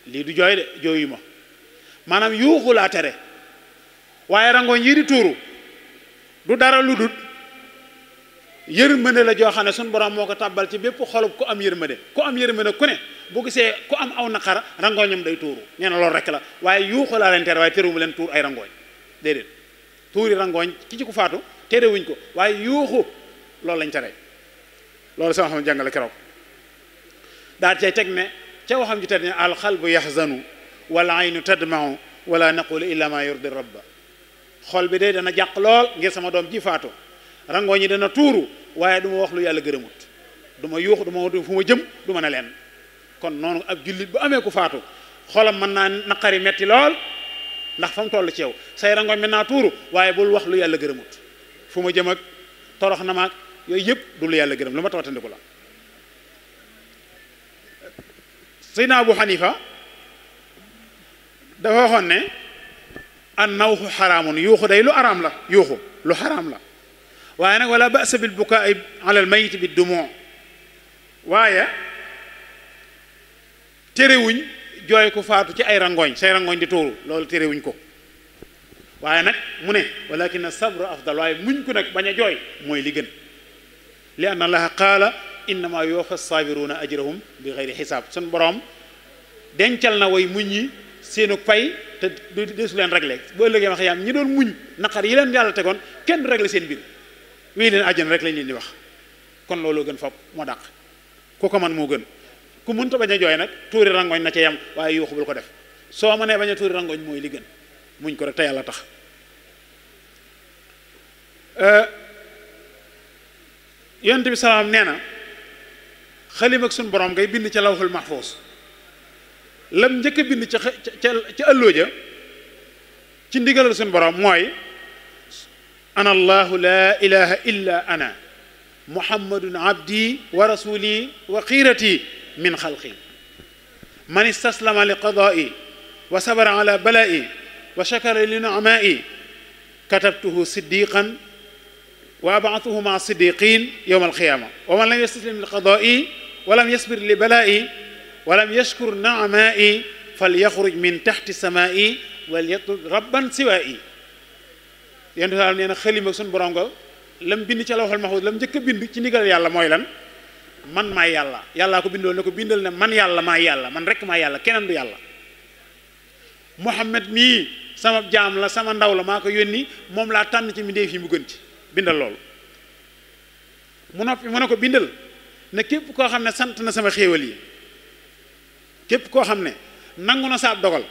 S1: lii du jooy de jooyu ma maanaam yuuxu laa tere waaye rangoñ yi di tuuru du dara lu dul yërmande a joo xam ne suñu borom moo ko tàbbal ci bépp xolub ku am yërmande ku am yërmande ku ne bu gisee ku am aw naqar rangooñam day tuuru nee loolu rek la waaye yuuxu laa leen tere waaye terewumu leen tuur ay rangooñ déedéet tuuri rangooñ ki ci ku faatu terewuñ ko waaye yuuxu loolu lañ tere loolu sama xam jàngale keroog daal cay teg ne ca waxam ju tedd ne alxalbu yaxzanu wal aynu tadmau wala naqulu illa ma yurdi rabba xol bi day dana jàq lool ngir sama doom ji faatu rangoo ñi dana tuuru waaye du ma wax lu yàlla gërëmut du ma yuux du ma fu ma jëm du ma ne leen kon noonu ab jullit bu amee ku faatu xolam mën naa naqari metti lool ndax fa mu toll ci yow say naa tuuru waaye bul wax lu yàlla gërëmut fu ma jëm ak torox na maag yooyu yëpp du lu yàlla gërëm lu ma tawatandiku la Seydina Abu Xanifa dafa waxoon ne an nawxu xaraamun yuuxu day lu araam la yuuxu lu xaraam la waaye nag wala basa bil bukaai ala al mayit bi dumoo waaye terewuñ jooy ku faatu ci ay rangooñ say rangooñ di tuuru loolu terewuñ ko waaye nag mu ne walakin sabru afdal waaye muñ ko nag bañ a jooy mooy li gën li anna allaha qaala innama yuwaffa sabiruuna ajrahum bi xeyri xisaab sun borom dencal na way muñ yi seenu pay te du desu leen réglé bu ëllëgee ma xiyaam ñi doon muñ naqar yi leen yàlla tegoon kenn réglé seen biir wéy leen àjjana rek lañ leen di wax kon looloo gën fop moo dàq ku man moo gën ku mënta bañ a jooy nag tuuri rangoñ na ca yem waaye yuuxu ko def soo mënee bañ a tuuri rangoñ mooy li gën muñ ko rek te yàlla tax euh, yonent bi salaam nee na xalim suñ borom ngay bind ca lawxul mahfuus lam njëkk a bind ca ca ca ëllëg ja ci ndigalal suñ borom mooy ana allahu laa ilaha illa ana muhammadun abdi wa rasuli wa xiirati min xalqi man istaslama li qadaai wa sabara ala balaai wa shakara li nicmaai katabtuhu siddiqan wa abaatuhu maa siddiqin yowma alqiyaama wa man lam yastaslim li qadaai wa lam yasbir li balaai wa lam yashkur nicmaai fal yaxruj min taxti samaai wal yatlub rabban siwaai yenn daal nee na xalima suñu borom nga lam bind ci lawhul mahfuz lam njëkk a bind ci ndigal yàlla mooy lan man maay yàlla yàllaa ko bindool ne ko bindal ne man yàlla yàlla man rek maay yàlla keneen du yàlla Muhammad mii sama jaam la sama ndaw la maa ko yónni moom laa tànn ci mbindéef yi mu gën ci bindal loolu mu noppi mu ne ko bindal ne képp koo xam ne sant na sama xéewal yi képp koo xam ne nangu na saab dogal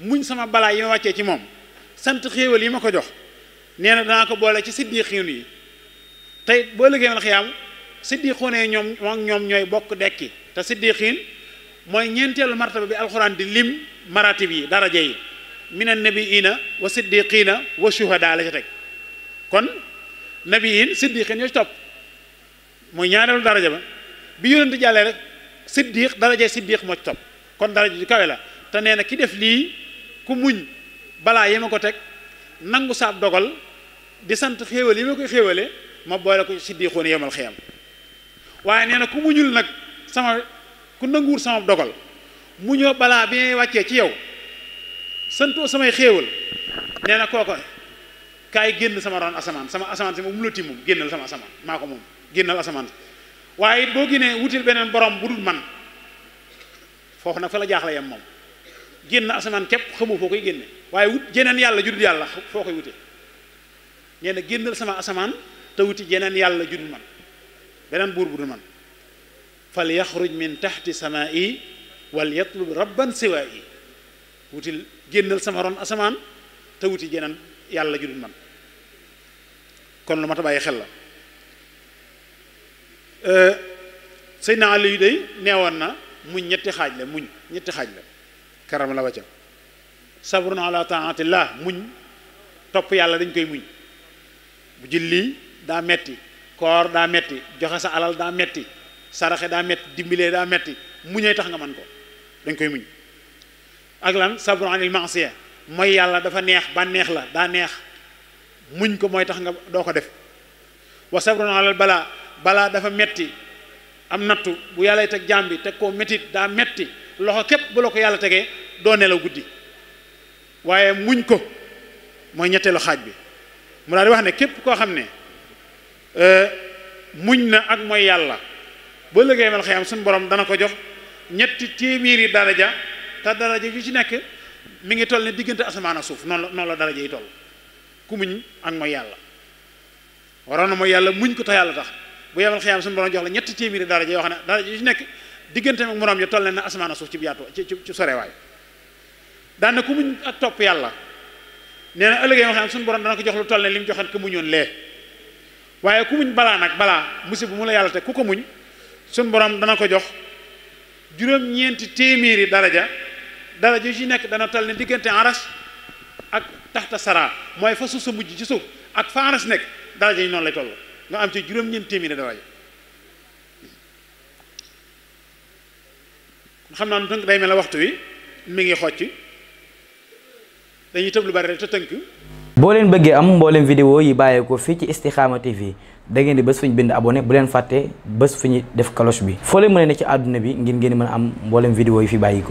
S1: muñ sama balaa yi ma wàccee ci moom sant xéewal yi ma ko jox nee na danaa ko boole ci siddiqiin yi tey boo liggéey mal xiyaam siddiquune yi ñoom ak ñoom ñooy bokk dekki te siddiqiin mooy ñeenteelu martaba bi alxuraan di lim maratib yi daraja yi mina nabiina wa siddiqiina wa shuhada la ci teg kon nabiin siddiqiin ñoo ci topp mooy ñaareelu daraja ba bi yonent jàllee rek siddiq daraja siddiq moo ci topp kon daraja ju kawe la te nee na ki def lii ku muñ balaa yema ko teg nangu saa dogal di sant xéewal yi ma koy xéewale ma boole ko siddiixoon yemal xiyam waaye nee na ku muñul nag sama ku nanguwul sama dogal mu ñëw balaa bi ngay wàccee ci yow santoo samay xéewal nee na kooko kaay génn sama ron asamaan sama asamaan si moom mu la tiim moom génnal sama asamaan maa ko moom génnal asamaan si waaye boo génnee wutil beneen boroom bu dul man foofu nag fa la jaaxle yam moom génn asamaan képp xamu foo koy génne waaye wut jeneen yàlla judul yàlla foo koy wutee nee na génnal sama asamaan te wuti jeneen yàlla judul man beneen buur bu dul man fal yaxruj min taxti samaa'i wal yatlub rabban siwaa'i wutil génnal sama ron asamaan te wuti jeneen yàlla judul man kon lu ma ta bàyyi xel la sëñ na àll yu day neewoon na muñ ñetti xaaj la muñ ñetti xaaj la karam la wacca sabrun ala taatillah muñ topp yàlla dañ koy muñ bu julli daa metti koor daa metti joxe sa alal daa metti saraxe daa metti dimbilee daa metti muñee tax nga man ko dañ koy muñ ak lan sabrun anil ma'siya mooy yàlla dafa neex ba neex la daa neex muñ ko mooy tax nga doo ko def wa sabrun alal balaa balaa dafa metti am nattu bu yàlla teg jaam bi teg koo métit daa metti loxo képp bu la ko yàlla tegee doo nelaw guddi waaye muñ ko mooy ñetteelu xaaj bi mu daal di wax ne képp koo xam ne euh, muñ na ak mooy yàlla ba liggéey mal xëyam suñu borom dana ko jox ñetti téeméeri daraja te daraja yu ci nekk mi ngi toll ne diggante asamaan ak suuf noonu la noonu la daraja yi toll ku muñ ak mooy yàlla waroon na mooy yàlla muñ ko te yàlla tax bu yemal xëyam suñu borom jox la ñetti téeméeri daraja yoo xam ne daraja yu ci nekk diggante ak moroom ja toll ne na asamaan ak suuf ci biyaatu ci ci daan na ku muñ ak topp yàlla nee na ëllëgee ko jox lu toll li mu joxoon ko muñoon lee waaye ku muñ balaa nag balaa musiba yàlla te ku ko muñ suñu borom dana ko jox juróom téeméeri daraja daraja yu ci nekk dana toll diggante aras ak taxta sara mooy fa ci suuf ak fa aras nekk yi noonu lay toll nga am ci juróom xam naa nu tënk day mel la waxtu wi mi ngi xocc dañuy tëb lu bari rek te
S2: boo leen bëggee am mboolem vidéo yi bàyyeekoo fii ci Istikhama TV da ngeen di bés fu ñu bind abonné bu leen fàtte bés fu ñu def cloche bi foo leen mën a ne ci àdduna bi ngir ngeen mën a am mboolem vidéo yi fi bàyyeekoo.